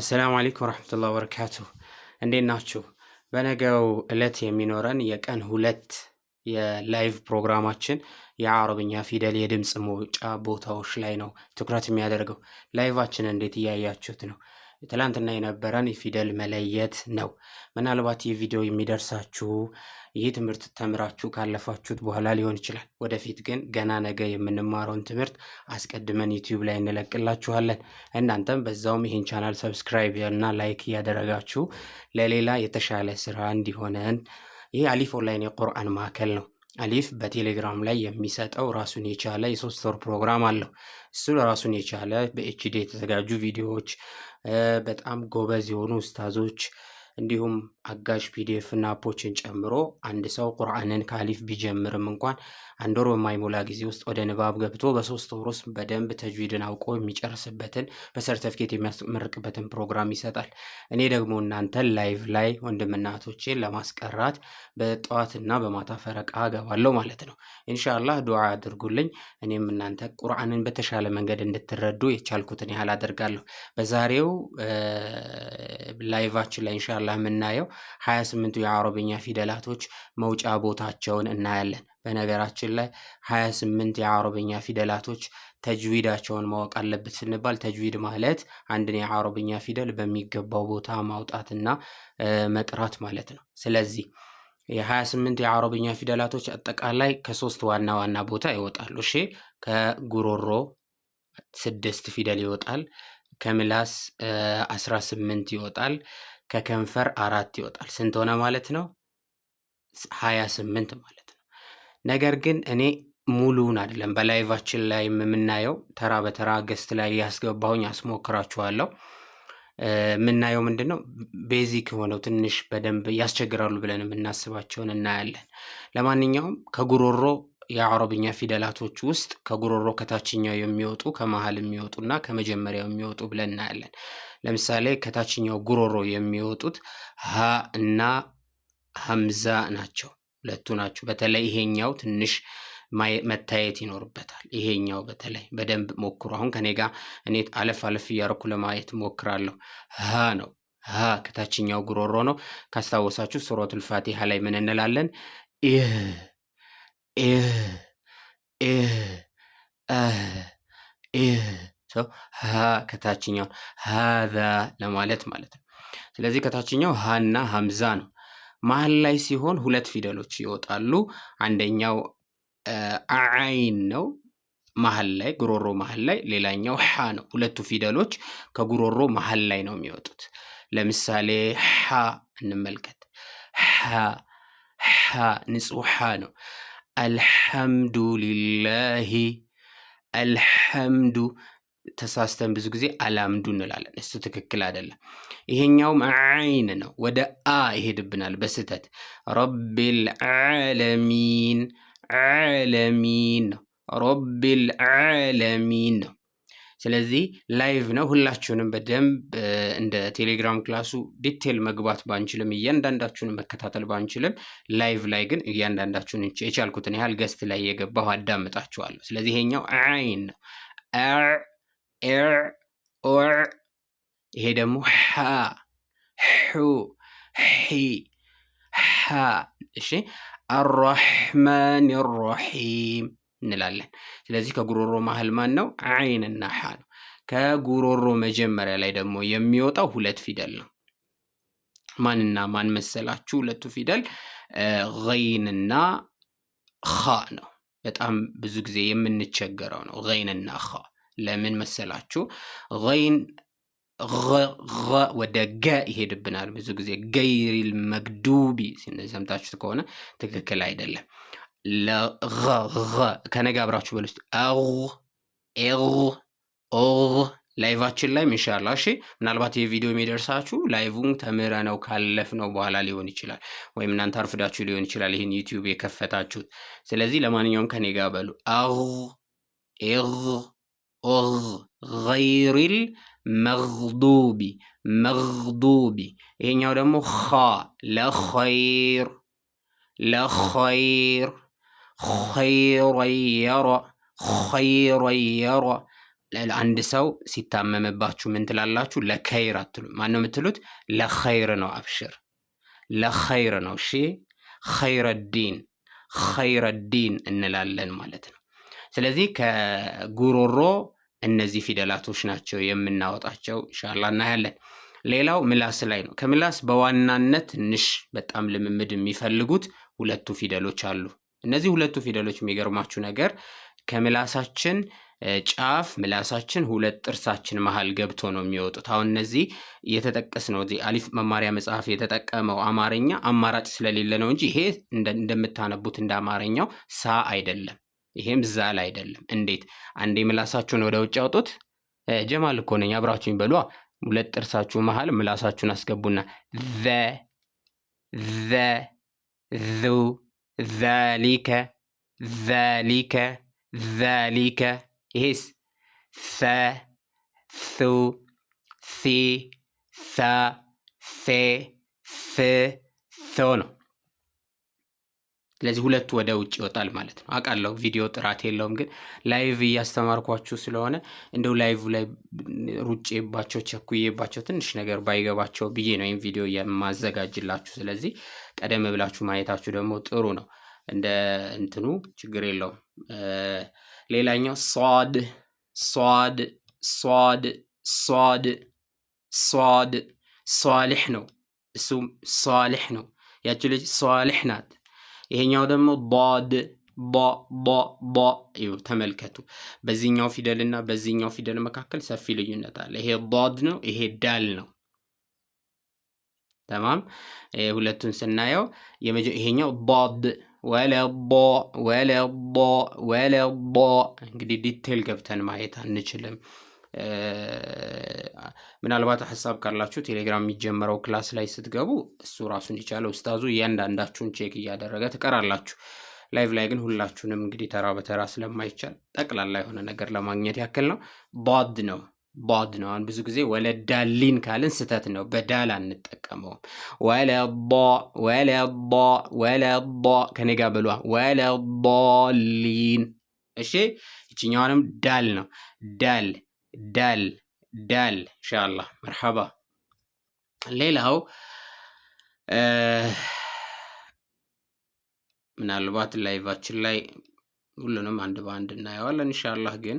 አሰላሙ አለይኩም ወረሕመቱላሂ ወበረካቱ። እንዴት ናችሁ? በነገው ዕለት የሚኖረን የቀን ሁለት የላይቭ ፕሮግራማችን የአረብኛ ፊደል የድምፅ መውጫ ቦታዎች ላይ ነው ትኩረት የሚያደርገው። ላይቫችን እንዴት እያያችሁት ነው? ትላንትና የነበረን ፊደል መለየት ነው። ምናልባት ይህ ቪዲዮ የሚደርሳችሁ ይህ ትምህርት ተምራችሁ ካለፋችሁት በኋላ ሊሆን ይችላል። ወደፊት ግን ገና ነገ የምንማረውን ትምህርት አስቀድመን ዩቲዩብ ላይ እንለቅላችኋለን። እናንተም በዛውም ይህን ቻናል ሰብስክራይብ እና ላይክ እያደረጋችሁ ለሌላ የተሻለ ስራ እንዲሆነን ይህ አሊፍ ኦንላይን የቁርአን ማዕከል ነው። አሊፍ በቴሌግራም ላይ የሚሰጠው ራሱን የቻለ የሶስት ወር ፕሮግራም አለው። እሱ ራሱን የቻለ በኤችዲ የተዘጋጁ ቪዲዮዎች በጣም ጎበዝ የሆኑ ኡስታዞች እንዲሁም አጋዥ ፒዲኤፍ እና አፖችን ጨምሮ አንድ ሰው ቁርአንን ካሊፍ ቢጀምርም እንኳን አንድ ወር በማይሞላ ጊዜ ውስጥ ወደ ንባብ ገብቶ በሶስት ወር ውስጥ በደንብ ተጅዊድን አውቆ የሚጨርስበትን በሰርተፍኬት የሚያስመርቅበትን ፕሮግራም ይሰጣል። እኔ ደግሞ እናንተን ላይቭ ላይ ወንድምናቶቼን ለማስቀራት በጠዋትና በማታ ፈረቃ እገባለሁ ማለት ነው። ኢንሻላህ ዱዓ አድርጉልኝ። እኔም እናንተ ቁርአንን በተሻለ መንገድ እንድትረዱ የቻልኩትን ያህል አደርጋለሁ። በዛሬው ላይቫችን ላይ ኢንሻአላህ ኢንሻአላህ የምናየው ሀያ ስምንቱ የአረብኛ ፊደላቶች መውጫ ቦታቸውን እናያለን። በነገራችን ላይ ስምንት የአረብኛ ፊደላቶች ተጅዊዳቸውን ማወቅ አለበት ስንባል ተጅዊድ ማለት አንድን የአረብኛ ፊደል በሚገባው ቦታ ማውጣትና መቅራት ማለት ነው። ስለዚህ የሀያ 28 የአረብኛ ፊደላቶች አጠቃላይ ከሶስት ዋና ዋና ቦታ ይወጣሉ። እሺ ከጉሮሮ ስድስት ፊደል ይወጣል። ከምላስ 18 ይወጣል። ከከንፈር አራት ይወጣል። ስንት ሆነ ማለት ነው? ሀያ ስምንት ማለት ነው። ነገር ግን እኔ ሙሉውን አይደለም በላይቫችን ላይ የምናየው ተራ በተራ ገስት ላይ ያስገባሁኝ ያስሞክራችኋለሁ። የምናየው ምንድን ነው ቤዚክ የሆነው ትንሽ በደንብ ያስቸግራሉ ብለን የምናስባቸውን እናያለን። ለማንኛውም ከጉሮሮ የአረብኛ ፊደላቶች ውስጥ ከጉሮሮ ከታችኛው የሚወጡ ከመሀል የሚወጡና ከመጀመሪያው የሚወጡ ብለን እናያለን። ለምሳሌ ከታችኛው ጉሮሮ የሚወጡት ሀ እና ሀምዛ ናቸው። ሁለቱ ናቸው። በተለይ ይሄኛው ትንሽ መታየት ይኖርበታል። ይሄኛው በተለይ በደንብ ሞክሩ። አሁን ከኔ ጋር እኔ አለፍ አለፍ እያደረኩ ለማየት ሞክራለሁ። ሀ ነው። ሀ ከታችኛው ጉሮሮ ነው። ካስታወሳችሁ ሱረቱል ፋቲሃ ላይ ምን እንላለን? ይህ ሰው ሀ ከታችኛውን ለማለት ማለት ነው። ስለዚህ ከታችኛው ሀና ሀምዛ ነው። መሀል ላይ ሲሆን ሁለት ፊደሎች ይወጣሉ። አንደኛው አይን ነው መሀል ላይ ጉሮሮ መሀል ላይ፣ ሌላኛው ሐ ነው። ሁለቱ ፊደሎች ከጉሮሮ መሀል ላይ ነው የሚወጡት። ለምሳሌ ሐ እንመልከት። ሐ ሐ ንጹሕ ሐ ነው። አልሐምዱ አልሐምዱ ተሳስተን ብዙ ጊዜ አላምዱ እንላለን። እሱ ትክክል አይደለም። ይሄኛውም አይን ነው፣ ወደ አ ይሄድብናል በስህተት ረቢል ዓለሚን ዓለሚን ነው፣ ረቢል ዓለሚን ነው። ስለዚህ ላይቭ ነው። ሁላችሁንም በደንብ እንደ ቴሌግራም ክላሱ ዲቴል መግባት ባንችልም፣ እያንዳንዳችሁንም መከታተል ባንችልም፣ ላይቭ ላይ ግን እያንዳንዳችሁን የቻልኩትን ያህል ገስት ላይ የገባሁ አዳምጣችኋለሁ። ስለዚህ ይሄኛው አይን ነው። ኤር ኦር ይሄ ደግሞ ሃ ሑ ሒ እሺ አራሕማን ራሒም እንላለን። ስለዚህ ከጉሮሮ መሀል ማን ነው? አይንና ሓ ነው። ከጉሮሮ መጀመሪያ ላይ ደግሞ የሚወጣው ሁለት ፊደል ነው። ማንና ማን መሰላችሁ? ሁለቱ ፊደል ገይንና ኻ ነው። በጣም ብዙ ጊዜ የምንቸገረው ነው ገይንና ኻ። ለምን መሰላችሁ? ገይን ወደ ገ ይሄድብናል ብዙ ጊዜ ገይሪል መግዱቢ ሲነ ከሆነ ትክክል አይደለም። ለ ከነገ አብራችሁ በልስ እስኪ ላይቫችን ላይ ኢንሻላ እሺ። ምናልባት ይህ ቪዲዮ የሚደርሳችሁ ላይቭን ተምረ ነው ካለፍ ነው በኋላ ሊሆን ይችላል፣ ወይም እናንተ አርፍዳችሁ ሊሆን ይችላል ይህን ዩቲዩብ የከፈታችሁት። ስለዚህ ለማንኛውም ከኔ ጋር በሉ አር ኤር ኦር ገይሪል መግዱቢ መግዱቢ። ይሄኛው ደግሞ ኻ ለኸይር ለኸይር ኸይሮ የሮ አንድ ሰው ሲታመምባችሁ ምን ትላላችሁ? ለከይር አትሉ። ማን የምትሉት? ለኸይር ነው። አብሽር ለኸይር ነው። እሺ ኸይረዲን ኸይረዲን እንላለን ማለት ነው። ስለዚህ ከጉሮሮ እነዚህ ፊደላቶች ናቸው የምናወጣቸው። እንሻላ እናያለን። ሌላው ምላስ ላይ ነው። ከምላስ በዋናነት ትንሽ በጣም ልምምድ የሚፈልጉት ሁለቱ ፊደሎች አሉ። እነዚህ ሁለቱ ፊደሎች የሚገርማችሁ ነገር ከምላሳችን ጫፍ ምላሳችን ሁለት ጥርሳችን መሀል ገብቶ ነው የሚወጡት። አሁን እነዚህ እየተጠቀስ ነው እዚህ አሊፍ መማሪያ መጽሐፍ የተጠቀመው አማርኛ አማራጭ ስለሌለ ነው እንጂ ይሄ እንደምታነቡት እንደ አማርኛው ሳ አይደለም፣ ይሄም ዛል አይደለም። እንዴት አንዴ ምላሳችሁን ወደ ውጭ አውጡት። ጀማል እኮ ነኝ፣ አብራችሁኝ በሏ። ሁለት ጥርሳችሁ መሀል ምላሳችሁን አስገቡና ዘ ዘ ዙ ذلك ذلك ذلك his ث ثو ثي ثا ثي ث ثون ስለዚህ ሁለቱ ወደ ውጭ ይወጣል ማለት ነው። አውቃለሁ ቪዲዮ ጥራት የለውም፣ ግን ላይቭ እያስተማርኳችሁ ስለሆነ እንደው ላይቭ ላይ ሩጬባቸው ቸኩዬባቸው ትንሽ ነገር ባይገባቸው ብዬ ነው ይህም ቪዲዮ የማዘጋጅላችሁ። ስለዚህ ቀደም ብላችሁ ማየታችሁ ደግሞ ጥሩ ነው። እንደ እንትኑ ችግር የለውም። ሌላኛው ሷድ ሷድ ሷድ ሷድ ሷድ ሷሊሕ ነው። እሱም ሷሊሕ ነው። ያች ልጅ ሷሊሕ ናት። ይሄኛው ደግሞ ቦድ ቦ ቦ ቦ ተመልከቱ። በዚህኛው ፊደል እና በዚህኛው ፊደል መካከል ሰፊ ልዩነት አለ። ይሄ ቦድ ነው፣ ይሄ ዳል ነው። ተማም ሁለቱን ስናየው ይሄኛው ቦድ ወለ ቦ ወለ ቦ ወለ ቦ። እንግዲህ ዲቴል ገብተን ማየት አንችልም። ምናልባት ሀሳብ ካላችሁ ቴሌግራም የሚጀመረው ክላስ ላይ ስትገቡ እሱ ራሱን የቻለ ውስታዙ እያንዳንዳችሁን ቼክ እያደረገ ትቀራላችሁ። ላይቭ ላይ ግን ሁላችሁንም እንግዲህ ተራ በተራ ስለማይቻል ጠቅላላ የሆነ ነገር ለማግኘት ያክል ነው። ባድ ነው ባድ ነው። አሁን ብዙ ጊዜ ወለዳሊን ካልን ስህተት ነው። በዳል አንጠቀመውም። ወለቦ ወለቦ ወለቦ ከኔ ጋር እሺ። ይችኛዋንም ዳል ነው ዳል ዳል ዳል እንሻላ መርሓባ። ሌላው ምናልባት ላይቫችን ላይ ሁሉንም አንድ በአንድ እናየዋለን እንሻላህ። ግን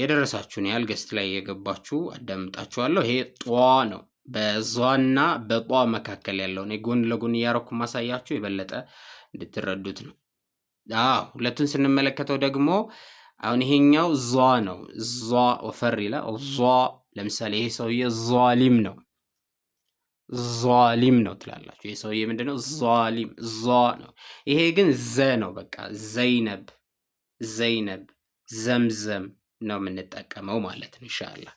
የደረሳችሁን ያህል ገስት ላይ የገባችሁ አዳምጣችኋለሁ። ይሄ ጧ ነው። በዟና በጧ መካከል ያለውን ጎን ለጎን እያረኩ ማሳያችሁ የበለጠ እንድትረዱት ነው። ሁለቱን ስንመለከተው ደግሞ አሁን ይሄኛው ዟ ነው። ዟ ወፈር ይላል። ዟ ለምሳሌ ይሄ ሰውዬ ዟሊም ነው፣ ዟሊም ነው ትላላችሁ። ይሄ ሰውዬ ምንድን ነው? ዟሊም ዟ ነው። ይሄ ግን ዘ ነው። በቃ ዘይነብ፣ ዘይነብ፣ ዘምዘም ነው የምንጠቀመው ማለት ነው። ኢንሻአላህ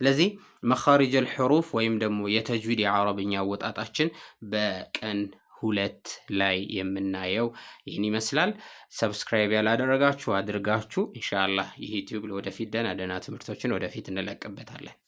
ስለዚህ መኻሪጀል ሑሩፍ ወይም ደግሞ የተጅዊድ የአረብኛ አወጣጣችን በቀን ሁለት ላይ የምናየው ይህን ይመስላል። ሰብስክራይብ ያላደረጋችሁ አድርጋችሁ፣ እንሻላ ይህ ዩቲዩብ ለወደፊት ደህና ደህና ትምህርቶችን ወደፊት እንለቅበታለን።